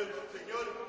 el Señor